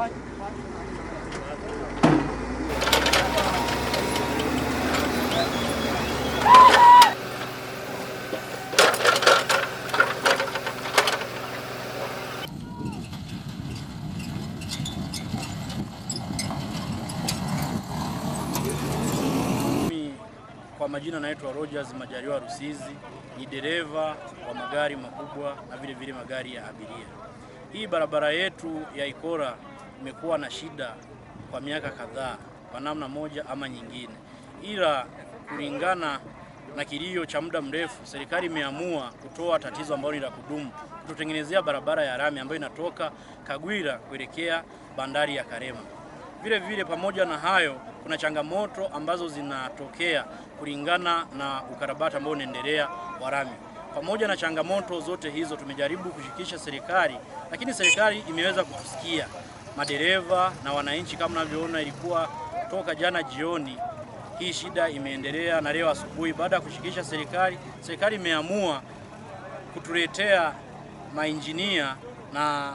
Kwa majina naitwa Rogers Majaliwa Rusizi, ni dereva wa magari makubwa na vile vile magari ya abiria. Hii barabara yetu ya Ikora imekuwa na shida kwa miaka kadhaa kwa namna moja ama nyingine, ila kulingana na kilio cha muda mrefu, serikali imeamua kutoa tatizo ambalo ni la kudumu, kututengenezea barabara ya rami ambayo inatoka Kagwira kuelekea bandari ya Karema. Vile vile, pamoja na hayo, kuna changamoto ambazo zinatokea kulingana na ukarabati ambao unaendelea wa rami. Pamoja na changamoto zote hizo, tumejaribu kushirikisha serikali, lakini serikali imeweza kutusikia madereva na wananchi. Kama mnavyoona, ilikuwa toka jana jioni hii shida imeendelea na leo asubuhi, baada ya kushirikisha serikali, serikali imeamua kutuletea mainjinia na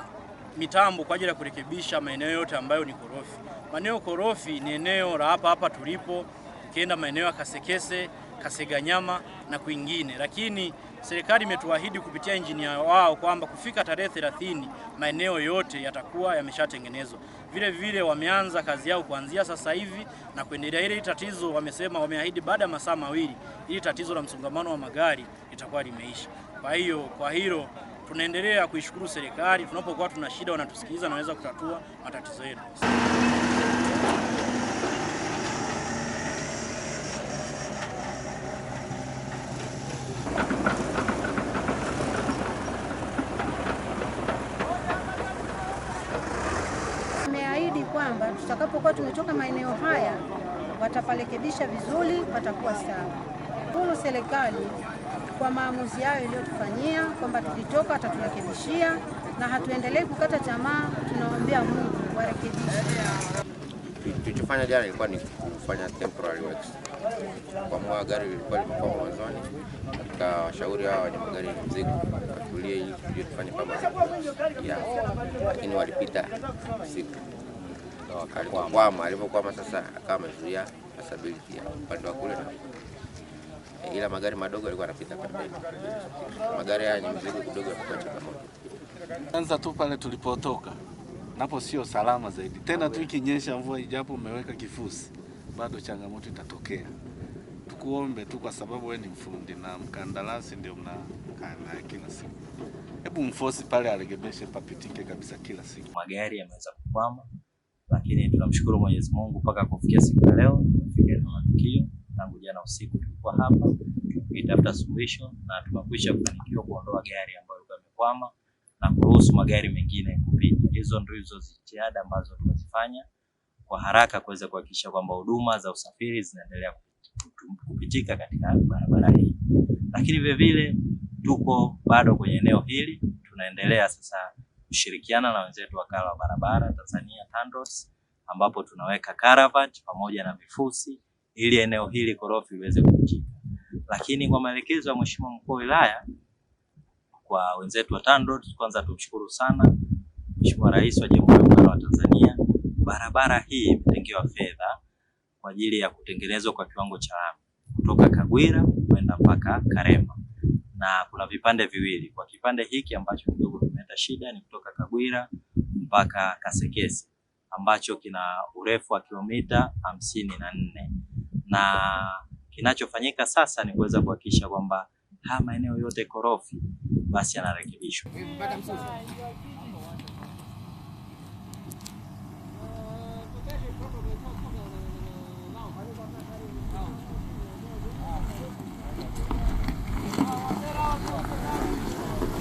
mitambo kwa ajili ya kurekebisha maeneo yote ambayo ni korofi. Maeneo korofi ni eneo la hapa hapa tulipo, ukienda maeneo ya Kasekese, Kaseganyama na kwingine, lakini serikali imetuahidi kupitia injinia wao kwamba kufika tarehe 30 maeneo yote yatakuwa yameshatengenezwa. Vile vile wameanza kazi yao kuanzia sasa hivi na kuendelea. Ile tatizo wamesema, wameahidi baada ya masaa mawili ili tatizo la msongamano wa magari litakuwa limeisha. Kwa hiyo kwa hilo tunaendelea kuishukuru serikali, tunapokuwa tuna shida wanatusikiliza, naweza kutatua matatizo yetu. tutakapokuwa tumetoka maeneo haya wataparekebisha vizuri, patakuwa sawa. Shukuru serikali kwa maamuzi yao iliyotufanyia kwamba tulitoka, wataturekebishia na hatuendelei kukata tamaa. Tunaombea Mungu warekebishe. Tulichofanya jana ilikuwa ni kufanya temporary works, mwa gari lilikuwa limekwama mwanzoni, katika washauri hawa wenye magari ya mzigo watulie ili tufanye, lakini walipita siku alipokwama alipokwama sasa akawa amezuia ya upande wa kule ila magari madogo yalikuwa yanapita pembeni. Magari haya ni mzigo kidogo kwa changamoto. Kwanza tu pale tulipotoka napo sio salama zaidi tena tu, ikinyesha mvua, ijapo umeweka kifusi, bado changamoto itatokea. Tukuombe tu, kwa sababu wewe ni mfundi na mkandarasi ndio mnakaa naye kila siku, hebu mfosi pale alegemeshe papitike kabisa kila siku. Magari yameweza kukwama lakini tunamshukuru Mwenyezi Mungu mpaka kufikia siku ya leo tumefika eneo la tukio. Tangu jana usiku tulikuwa hapa tukitafuta suluhisho na tumekwisha kufanikiwa kuondoa gari ambayo ilikuwa imekwama na kuruhusu magari mengine kupita. Hizo ndizo jitihada ambazo tumezifanya kwa haraka kuweza kuhakikisha kwamba huduma za usafiri zinaendelea kupitika katika barabara hii, lakini vilevile tuko bado kwenye eneo hili tunaendelea sasa kushirikiana na wenzetu wakala wa barabara Tanzania TANROADS, ambapo tunaweka karavati pamoja na vifusi ili eneo hili korofi liweze kupitika. Lakini kwa maelekezo ya Mheshimiwa Mkuu wa Wilaya kwa wenzetu wa TANROADS, kwanza tumshukuru sana Mheshimiwa Rais wa Jamhuri ya Muungano wa Tanzania, barabara hii imetengewa fedha kwa ajili ya kutengenezwa kwa kiwango cha lami kutoka Kagwira kwenda mpaka Karema, na kuna vipande viwili. Kwa kipande hiki ambacho kidogo kilomita shida ni kutoka Kagwira mpaka Kasekese ambacho kina urefu wa kilomita hamsini na nne na kinachofanyika sasa ni kuweza kuhakikisha kwamba haya maeneo yote korofi basi yanarekebishwa.